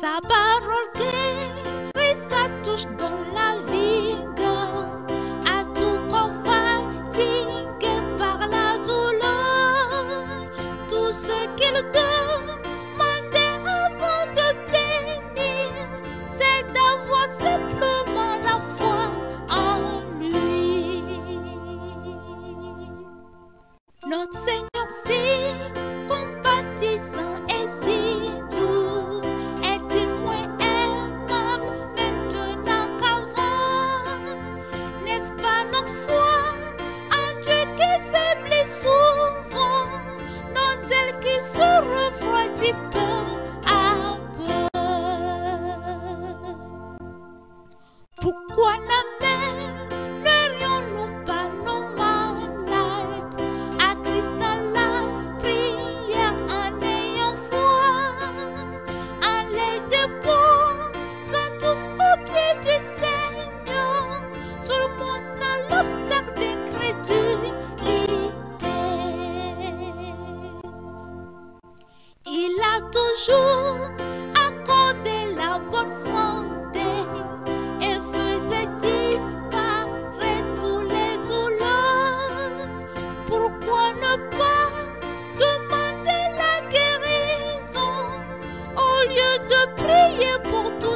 Sa parole guérit, sa touche dans la vie, À tout corps par la douleur, tout ce qu'il donne. Sont tous au pied du Seigneur surmontant l'obstacle de crédulité. Il a toujours de prier pour toi.